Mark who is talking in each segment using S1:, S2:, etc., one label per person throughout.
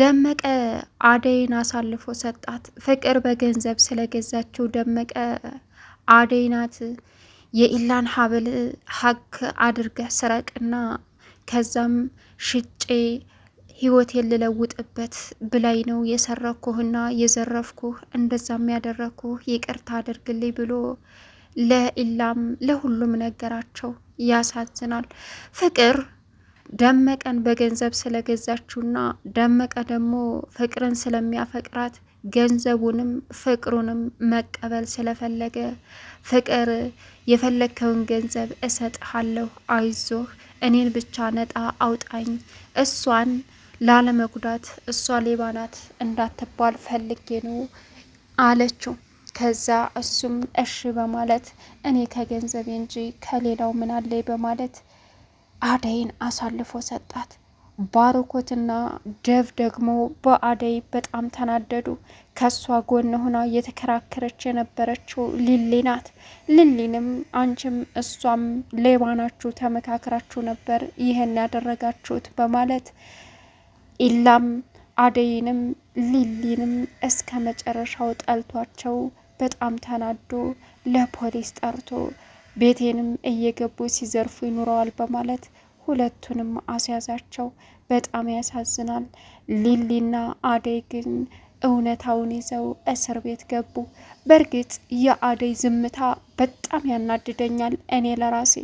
S1: ደመቀ አደይን አሳልፎ ሰጣት። ፍቅር በገንዘብ ስለገዛችው ደመቀ አደይ ናት የኢላን ሀብል ሀክ አድርገህ ስረቅና ከዛም ሽጬ ህይወት የልለውጥበት ብላይ ነው የሰረኩህና የዘረፍኩህ እንደዛም ያደረግኩህ ይቅርታ አድርግልኝ ብሎ ለኢላም ለሁሉም ነገራቸው። ያሳዝናል ፍቅር ደመቀን በገንዘብ ስለገዛችውና ደመቀ ደግሞ ፍቅርን ስለሚያፈቅራት ገንዘቡንም ፍቅሩንም መቀበል ስለፈለገ ፍቅር የፈለግከውን ገንዘብ እሰጥሃለሁ፣ አይዞህ፣ እኔን ብቻ ነጣ አውጣኝ፣ እሷን ላለመጉዳት እሷ ሌባ ናት እንዳትባል ፈልጌ ነው አለችው። ከዛ እሱም እሺ በማለት እኔ ከገንዘቤ እንጂ ከሌላው ምናለይ በማለት አደይን አሳልፎ ሰጣት። ባርኮትና ደቭ ደግሞ በአደይ በጣም ተናደዱ። ከሷ ጎን ሆና እየተከራከረች የነበረችው ሊሊ ናት። ሊሊንም አንቺም እሷም ሌባ ናችሁ፣ ተመካክራችሁ ነበር ይህን ያደረጋችሁት በማለት ኢላም አደይንም ሊሊንም እስከ መጨረሻው ጠልቷቸው በጣም ተናዶ ለፖሊስ ጠርቶ ቤቴንም እየገቡ ሲዘርፉ ይኑረዋል በማለት ሁለቱንም አስያዛቸው። በጣም ያሳዝናል። ሊሊና አደይ ግን እውነታውን ይዘው እስር ቤት ገቡ። በእርግጥ የአደይ ዝምታ በጣም ያናድደኛል። እኔ ለራሴ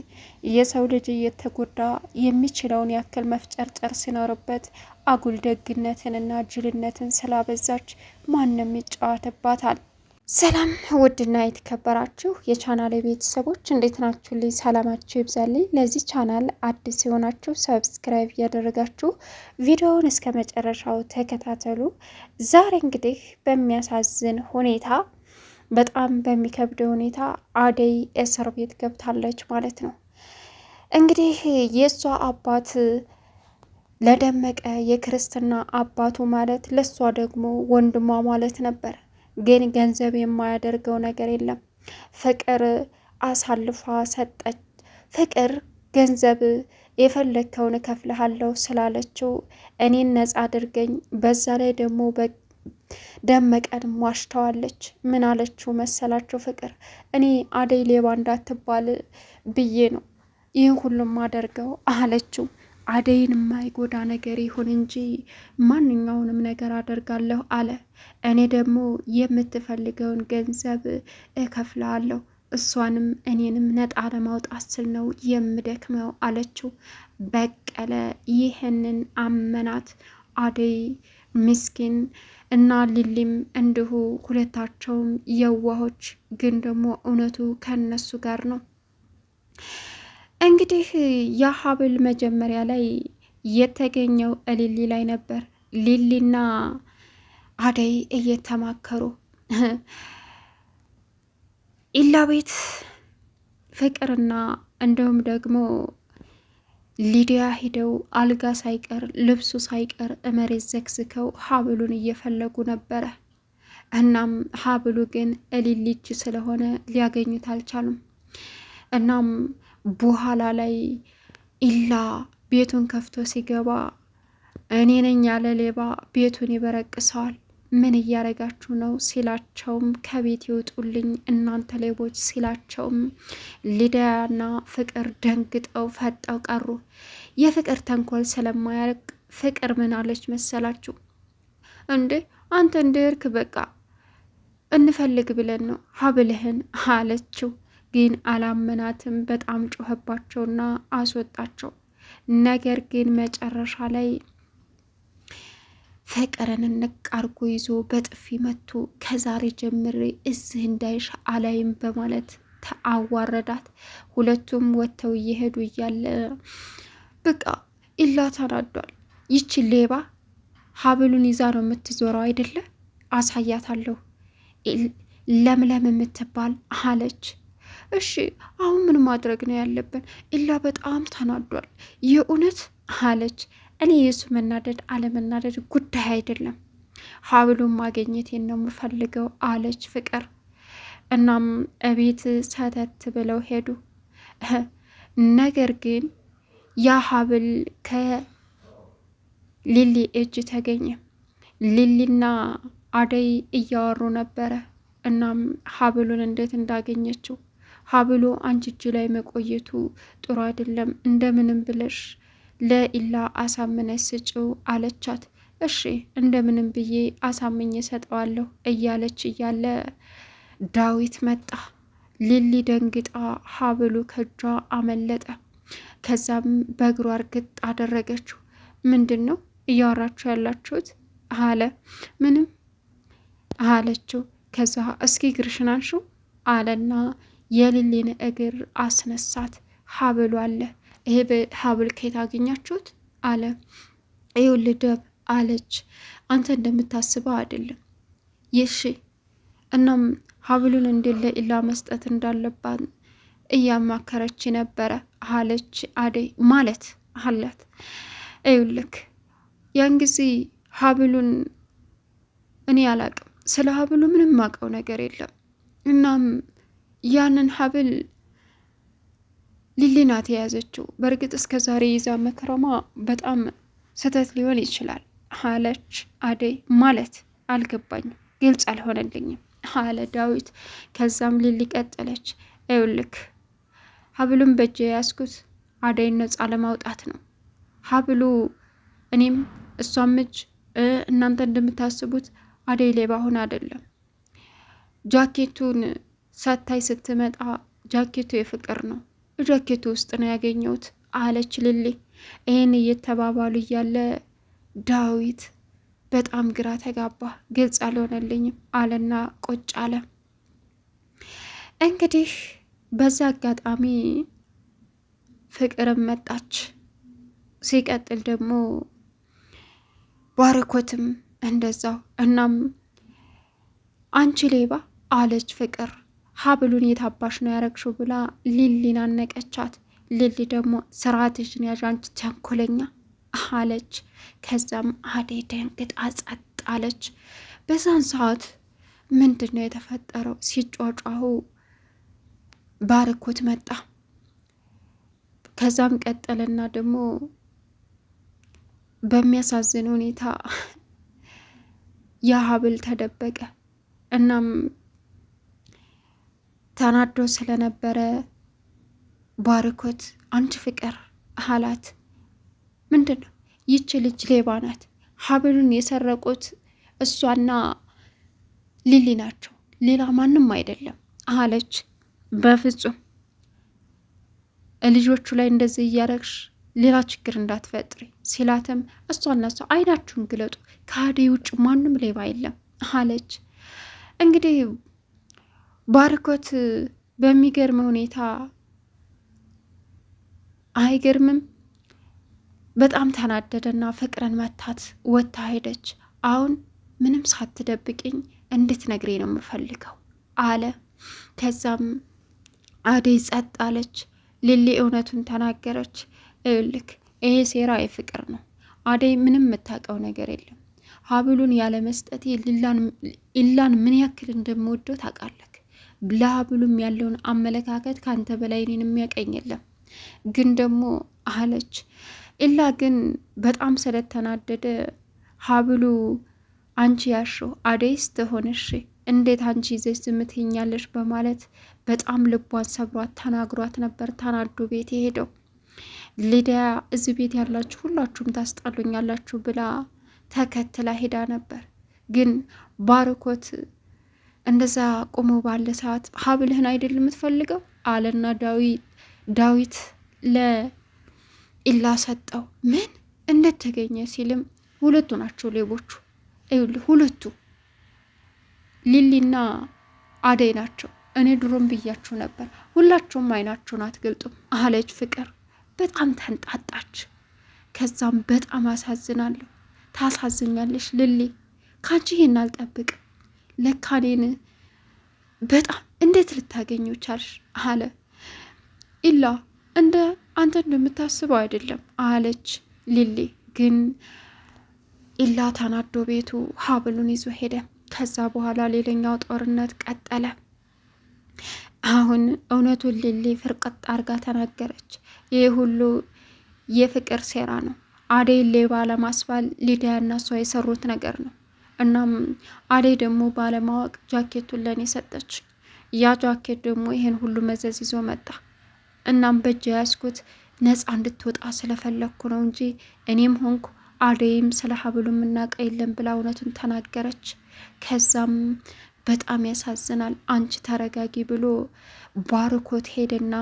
S1: የሰው ልጅ እየተጎዳ የሚችለውን ያክል መፍጨርጨር ሲኖርበት አጉል ደግነትንና ጅልነትን ስላበዛች ማንም ይጫወትባታል። ሰላም ውድና የተከበራችሁ የቻናል ቤተሰቦች እንዴት ናችሁ? ልይ ሰላማችሁ ይብዛልኝ። ለዚህ ቻናል አዲስ የሆናችሁ ሰብስክራይብ እያደረጋችሁ ቪዲዮውን እስከ መጨረሻው ተከታተሉ። ዛሬ እንግዲህ በሚያሳዝን ሁኔታ፣ በጣም በሚከብድ ሁኔታ አደይ እስር ቤት ገብታለች ማለት ነው። እንግዲህ የእሷ አባት ለደመቀ የክርስትና አባቱ ማለት ለእሷ ደግሞ ወንድሟ ማለት ነበር ግን ገንዘብ የማያደርገው ነገር የለም። ፍቅር አሳልፋ ሰጠች። ፍቅር ገንዘብ የፈለግከውን እከፍልሃለሁ ስላለችው እኔን ነጻ አድርገኝ። በዛ ላይ ደግሞ ደመቀን ዋሽተዋለች። ምን አለችው መሰላችሁ ፍቅር እኔ አደይ ሌባ እንዳትባል ብዬ ነው ይህን ሁሉም አደርገው አለችው። አደይን የማይጎዳ ነገር ይሁን እንጂ ማንኛውንም ነገር አደርጋለሁ አለ። እኔ ደግሞ የምትፈልገውን ገንዘብ እከፍላለሁ እሷንም እኔንም ነጣ ለማውጣት ስል ነው የምደክመው አለችው። በቀለ ይህንን አመናት። አደይ ምስኪን እና ሊሊም እንዲሁ ሁለታቸውም የዋሆች፣ ግን ደግሞ እውነቱ ከነሱ ጋር ነው። እንግዲህ የሀብል መጀመሪያ ላይ የተገኘው እሊሊ ላይ ነበር። ሊሊና አደይ እየተማከሩ ኢላ ቤት ፍቅርና እንዲሁም ደግሞ ሊዲያ ሂደው አልጋ ሳይቀር ልብሱ ሳይቀር መሬት ዘግዝከው ሀብሉን እየፈለጉ ነበረ። እናም ሀብሉ ግን እሊሊ እጅ ስለሆነ ሊያገኙት አልቻሉም። እናም በኋላ ላይ ኢላ ቤቱን ከፍቶ ሲገባ እኔ ነኝ ያለ ሌባ ቤቱን ይበረቅሰዋል። ምን እያደረጋችሁ ነው ሲላቸውም ከቤት ይውጡልኝ እናንተ ሌቦች ሲላቸውም ሊዲያና ፍቅር ደንግጠው ፈጠው ቀሩ። የፍቅር ተንኮል ስለማያርቅ ፍቅር ምን አለች መሰላችሁ? እንዴ አንተ እንድርክ በቃ እንፈልግ ብለን ነው ሀብልህን አለችው። ግን አላመናትም። በጣም ጮኸባቸውና አስወጣቸው። ነገር ግን መጨረሻ ላይ ፍቅርን ንቅ አርጎ ይዞ በጥፊ መቱ። ከዛሬ ጀምሬ እዚህ እንዳይሽ አላይም በማለት አዋረዳት። ሁለቱም ወጥተው እየሄዱ እያለ በቃ ኢላ ተናዷል። ይቺ ሌባ ሀብሉን ይዛ ነው የምትዞረው አይደለ? አሳያታለሁ ለምለም የምትባል አለች። እሺ አሁን ምን ማድረግ ነው ያለብን? ኢላ በጣም ተናዷል የእውነት አለች። እኔ የእሱ መናደድ አለመናደድ ጉዳይ አይደለም፣ ሀብሉን ማግኘቴን ነው የምፈልገው አለች ፍቅር። እናም እቤት ሰተት ብለው ሄዱ። ነገር ግን ያ ሀብል ከሊሊ እጅ ተገኘ። ሊሊና አደይ እያወሩ ነበረ። እናም ሀብሉን እንዴት እንዳገኘችው ሀብሎ አንቺ እጅ ላይ መቆየቱ ጥሩ አይደለም፣ እንደምንም ብለሽ ለኢላ አሳምነሽ ስጭው አለቻት። እሺ እንደምንም ብዬ አሳምኜ ሰጠዋለሁ እያለች እያለ ዳዊት መጣ። ሊሊ ደንግጣ ሀብሉ ከእጇ አመለጠ። ከዛም በእግሯ እርግጥ አደረገችው። ምንድን ነው እያወራችሁ ያላችሁት አለ። ምንም አለችው። ከዛ እስኪ ግርሽናንሹ አለና የሊሊን እግር አስነሳት። ሀብሉ አለ። ይሄ ሀብል ከየት አገኛችሁት? አለ። ይኸውልህ ልደብ አለች። አንተ እንደምታስበው አይደለም። ይሺ እናም ሀብሉን እንዴት ለኢላ መስጠት እንዳለባት እያማከረች ነበረ አለች። አደይ ማለት አላት። ይኸውልህ ያን ጊዜ ሀብሉን እኔ አላቅም። ስለ ሀብሉ ምንም ማውቀው ነገር የለም። እናም ያንን ሀብል ሊሊ ናት የያዘችው። በእርግጥ እስከ ዛሬ ይዛ መክረማ በጣም ስህተት ሊሆን ይችላል አለች አደይ። ማለት አልገባኝም፣ ግልጽ አልሆነልኝም አለ ዳዊት። ከዛም ሊሊ ቀጠለች፣ ይኸውልህ ሀብሉን በእጅ የያዝኩት አደይን ነጻ ለማውጣት ነው። ሀብሉ እኔም እሷም እጅ እናንተ እንደምታስቡት አደይ ሌባ ሆን አይደለም። ጃኬቱን ሳታይ ስትመጣ ጃኬቱ የፍቅር ነው፣ ጃኬቱ ውስጥ ነው ያገኘሁት አለች ልሌ። ይህን እየተባባሉ እያለ ዳዊት በጣም ግራ ተጋባ። ግልጽ አልሆነልኝም አለና ቁጭ አለ። እንግዲህ በዛ አጋጣሚ ፍቅርም መጣች። ሲቀጥል ደግሞ ባርኮትም እንደዛው። እናም አንቺ ሌባ አለች ፍቅር ሀብሉን የታባሽ ነው ያረግሽው ብላ ሊሊን አነቀቻት። ሊሊ ደግሞ ስርዓትሽን ያዥ አንቺ ተንኮለኛ አለች። ከዛም አደይ ደንግጣ ጸጥ አለች። በዛን ሰዓት ምንድን ነው የተፈጠረው? ሲጫጫሁ ባርኮት መጣ። ከዛም ቀጠለና ደግሞ በሚያሳዝን ሁኔታ የሀብል ተደበቀ። እናም ተናዶ ስለነበረ ባርኮት አንድ ፍቅር አላት። ምንድን ነው ይቺ ልጅ ሌባ ናት። ሀብሉን የሰረቁት እሷና ሊሊ ናቸው፣ ሌላ ማንም አይደለም አለች። በፍጹም ልጆቹ ላይ እንደዚህ እያረግሽ ሌላ ችግር እንዳትፈጥሪ ሲላትም እሷ እነሱ አይናችሁን ግለጡ ከሀዴ ውጭ ማንም ሌባ የለም አለች። እንግዲህ ባርኮት በሚገርም ሁኔታ አይገርምም፣ በጣም ተናደደና ፍቅርን መታት ወታ ሄደች። አሁን ምንም ሳትደብቅኝ እንድትነግሬ ነው የምፈልገው አለ። ከዛም አደይ ጸጥ አለች። ሊሊ እውነቱን ተናገረች። እልክ ይሄ ሴራ የፍቅር ነው። አደይ ምንም የምታውቀው ነገር የለም። ሀብሉን ያለ መስጠቴ ኢላን ምን ያክል እንደምወደው ታውቃለች። ብላብሉም ያለውን አመለካከት ከአንተ በላይ እኔን የሚያቀኝ የለም ግን ደግሞ አለች ኢላ ግን በጣም ስለተናደደ ሀብሉ አንቺ ያሸው አደይስ ትሆንሽ እንዴት አንቺ ይዘሽ ዝም ትይኛለሽ? በማለት በጣም ልቧን ሰብሯት ተናግሯት ነበር። ተናዶ ቤት የሄደው ሊዲያ እዚህ ቤት ያላችሁ ሁላችሁም ታስጣሉኛላችሁ ብላ ተከትላ ሄዳ ነበር ግን ባርኮት እንደዛ ቆሞ ባለ ሰዓት ሀብልህን አይደል የምትፈልገው አለና ዳዊት ለኢላ ሰጠው። ምን እንዴት ተገኘ ሲልም ሁለቱ ናቸው ሌቦቹ። ይኸውልህ ሁለቱ ሊሊና አደይ ናቸው። እኔ ድሮም ብያችሁ ነበር፣ ሁላቸውም አይናቸውን አትገልጡም አለች ፍቅር። በጣም ተንጣጣች። ከዛም በጣም አሳዝናለሁ፣ ታሳዝኛለሽ ልሌ፣ ካንቺ ይህን አልጠብቅም ለካ እኔን በጣም እንዴት ልታገኙ ቻልሽ? አለ ኢላ። እንደ አንተ እንደምታስበው አይደለም አለች ሊሊ። ግን ኢላ ተናዶ ቤቱ ሀብሉን ይዞ ሄደ። ከዛ በኋላ ሌላኛው ጦርነት ቀጠለ። አሁን እውነቱን ሊሊ ፍርቅጥ አርጋ ተናገረች። ይህ ሁሉ የፍቅር ሴራ ነው። አደይ ሌባ ለማስባል ሊዲያ እና እሷ የሰሩት ነገር ነው። እናም አደይ ደግሞ ባለማወቅ ጃኬቱን ለእኔ ሰጠች። ያ ጃኬት ደግሞ ይሄን ሁሉ መዘዝ ይዞ መጣ። እናም በእጅ ያዝኩት ነፃ እንድትወጣ ስለፈለግኩ ነው እንጂ እኔም ሆንኩ አደይም ስለ ሀብሉ የምናውቅ የለም ብላ እውነቱን ተናገረች። ከዛም በጣም ያሳዝናል፣ አንቺ ተረጋጊ ብሎ ባርኮት ሄደና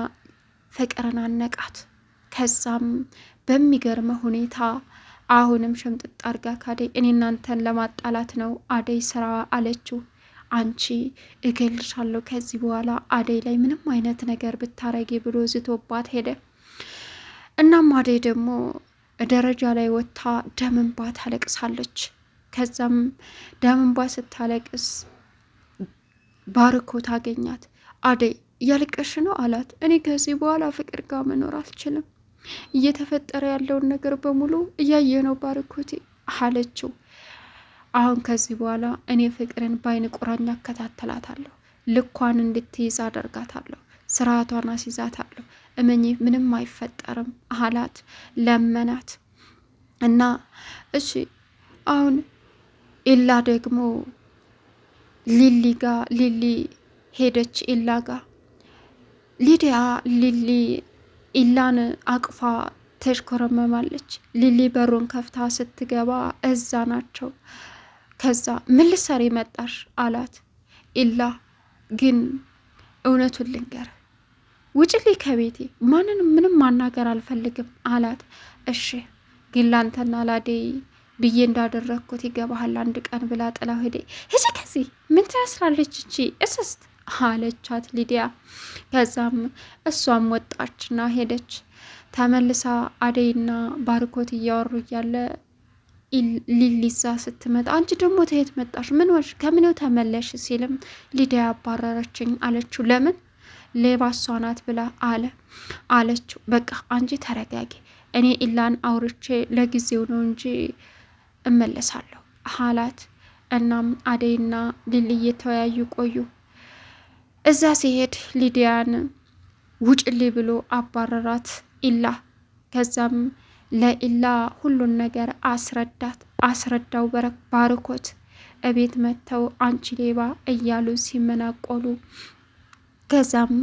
S1: ፍቅርን አነቃት። ከዛም በሚገርመ ሁኔታ አሁንም ሸምጥጥ አርጋ ካደይ እኔ እናንተን ለማጣላት ነው አደይ ስራ አለችው። አንቺ እገልሻለሁ ከዚህ በኋላ አደይ ላይ ምንም አይነት ነገር ብታረጊ ብሎ ዝቶባት ሄደ። እናም አደይ ደግሞ ደረጃ ላይ ወጥታ ደምንባ ታለቅሳለች። ከዛም ደምንባ ስታለቅስ ባርኮ ታገኛት። አደይ እያለቀሽ ነው አላት። እኔ ከዚህ በኋላ ፍቅር ጋር መኖር አልችልም እየተፈጠረ ያለውን ነገር በሙሉ እያየ ነው ባርኮቴ አለችው። አሁን ከዚህ በኋላ እኔ ፍቅርን በአይን ቁራኛ እከታተላታለሁ፣ ልኳን እንድትይዝ አደርጋታለሁ፣ ስርዓቷን አስይዛታለሁ። እመኚ ምንም አይፈጠርም አላት፣ ለመናት እና እሺ አሁን ኢላ ደግሞ ሊሊ ጋ ሊሊ ሄደች ኢላ ጋ ሊዲያ ሊሊ ኢላን አቅፋ ተሽኮረመማለች። ሊሊ በሩን ከፍታ ስትገባ እዛ ናቸው። ከዛ ምን ልትሰሪ መጣሽ አላት። ኢላ ግን እውነቱን ልንገር ውጭልኝ ከቤቴ ማንን ምንም ማናገር አልፈልግም አላት። እሺ ግን ላንተና ላዴ ብዬ እንዳደረግኩት ይገባሃል አንድ ቀን ብላ ጥላው ሄደ። እሺ ከዚህ ምን ትመስላለች እቺ እስስት አለቻት ሊዲያ። ከዛም እሷም ወጣችና ሄደች። ተመልሳ አደይና ባርኮት እያወሩ እያለ ሊሊዛ ስትመጣ አንቺ ደግሞ ተየት መጣሽ? ምን ሆንሽ? ከምነው ተመለሽ? ሲልም ሊዲያ አባረረችኝ አለችው። ለምን ሌባ እሷ ናት ብላ አለ አለችው። በቃ አንቺ ተረጋጊ፣ እኔ ኢላን አውርቼ ለጊዜው ነው እንጂ እመለሳለሁ አላት። እናም አደይና ሊሊ እየተወያዩ ቆዩ። እዛ ሲሄድ ሊዲያን ውጭሊ ብሎ አባረራት ኢላ። ከዛም ለኢላ ሁሉን ነገር አስረዳት አስረዳው ባርኮት እቤት መጥተው አንቺ ሌባ እያሉ ሲመናቆሉ፣ ከዛም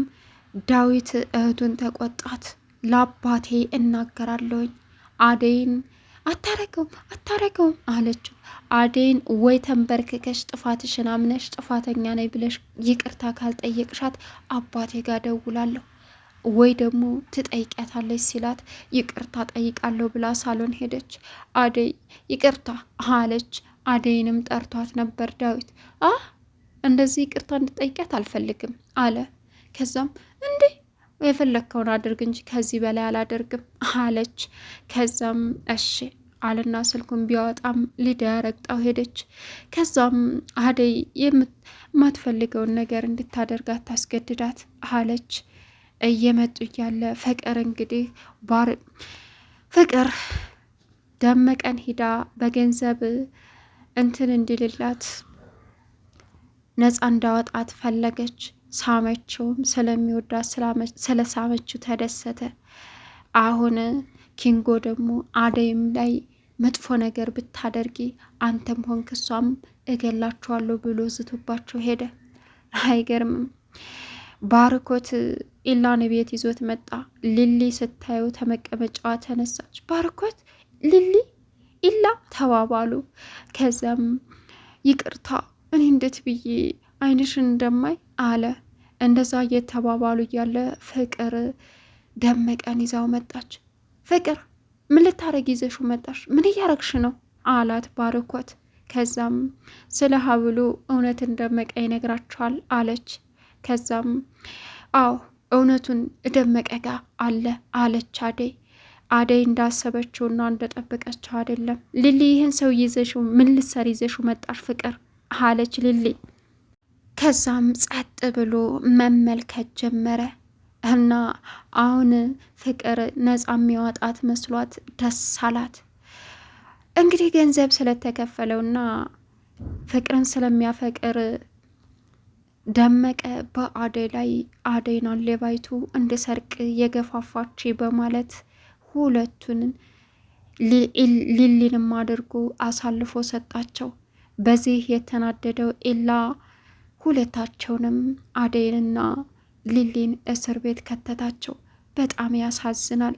S1: ዳዊት እህቱን ተቆጣት። ለአባቴ እናገራለሁኝ አደይን አታረገውም አታረገውም አለችው። አዴን ወይ ተንበርክከሽ ጥፋትሽን አምነሽ ጥፋተኛ ነኝ ብለሽ ይቅርታ ካልጠየቅሻት አባቴ ጋር ደውላለሁ ወይ ደግሞ ትጠይቀታለች ሲላት ይቅርታ ጠይቃለሁ ብላ ሳሎን ሄደች። አዴይ ይቅርታ አለች። አዴይንም ጠርቷት ነበር ዳዊት። አ እንደዚህ ይቅርታ እንድጠይቀት አልፈልግም አለ። ከዛም እንዴ የፈለግከውን አድርግ እንጂ ከዚህ በላይ አላደርግም አለች። ከዛም እሺ አልና ስልኩን ቢያወጣም ሊዲያ ረግጣው ሄደች። ከዛም አደይ የማትፈልገውን ነገር እንድታደርጋት አታስገድዳት አለች። እየመጡ እያለ ፍቅር እንግዲህ ባር ፍቅር ደመቀን ሂዳ በገንዘብ እንትን እንዲልላት ነፃ እንዳወጣት ፈለገች። ሳመችውም ስለሚወዳት ስለሳመችው ተደሰተ። አሁን ኪንጎ ደግሞ አደይም ላይ መጥፎ ነገር ብታደርጊ አንተም ሆንክ እሷም እገላችኋለሁ ብሎ ዝቶባቸው ሄደ። አይገርምም? ባርኮት ኢላን ቤት ይዞት መጣ። ሊሊ ስታዩ ተመቀመጫዋ ተነሳች። ባርኮት ሊሊ ኢላ ተባባሉ። ከዚያም ይቅርታ እኔ እንዴት ብዬ አይንሽን እንደማይ አለ እንደዛ እየተባባሉ እያለ ፍቅር ደመቀን ይዛው መጣች። ፍቅር ምን ልታረግ ይዘሹ መጣሽ? ምን እያረግሽ ነው አላት ባርኮት። ከዛም ስለ ሀብሉ እውነትን ደመቀ ይነግራችኋል አለች። ከዛም አዎ እውነቱን ደመቀ ጋ አለ አለች አደይ። አደይ እንዳሰበችውና እንደጠበቀችው አይደለም። ልሊ ይህን ሰው ይዘሽው ምን ልትሰሪ ይዘሽው መጣሽ ፍቅር አለች ልሊ ከዛም ጸጥ ብሎ መመልከት ጀመረ እና አሁን ፍቅር ነፃ የሚያወጣት መስሏት ደስ አላት። እንግዲህ ገንዘብ ስለተከፈለውና ፍቅርን ስለሚያፈቅር ደመቀ በአደይ ላይ አደይና ሌባይቱ እንደ ሰርቅ የገፋፋች በማለት ሁለቱን ሊሊንም አድርጎ አሳልፎ ሰጣቸው። በዚህ የተናደደው ኢላ ሁለታቸውንም አደይንና ሊሊን እስር ቤት ከተታቸው። በጣም ያሳዝናል።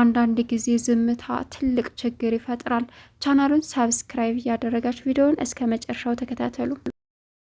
S1: አንዳንድ ጊዜ ዝምታ ትልቅ ችግር ይፈጥራል። ቻናሉን ሳብስክራይብ እያደረጋችሁ ቪዲዮውን እስከ መጨረሻው ተከታተሉ።